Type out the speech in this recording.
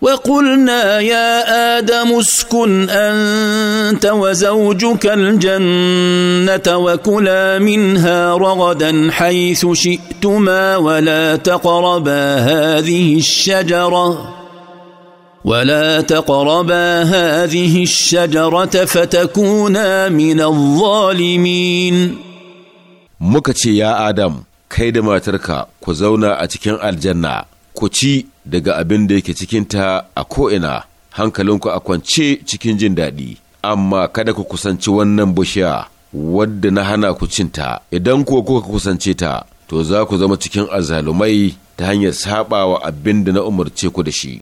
وقلنا يا ادم اسكن انت وزوجك الجنه وكلا منها رغدا حيث شئتما ولا تقربا هذه الشجره ولا تقربا هذه الشجره فتكونا من الظالمين مكتي يا ادم كيدما تركا كزونا اتكن الجنه ku ci daga abin da yake cikinta a ko'ina, hankalinku a kwance cikin jin daɗi, amma kada ku kusanci wannan bishiya wadda na hana ku cinta, idan kuwa kuka kusance ta, to za ku zama cikin azalumai ta hanyar saɓawa abin da na umarce ku da shi.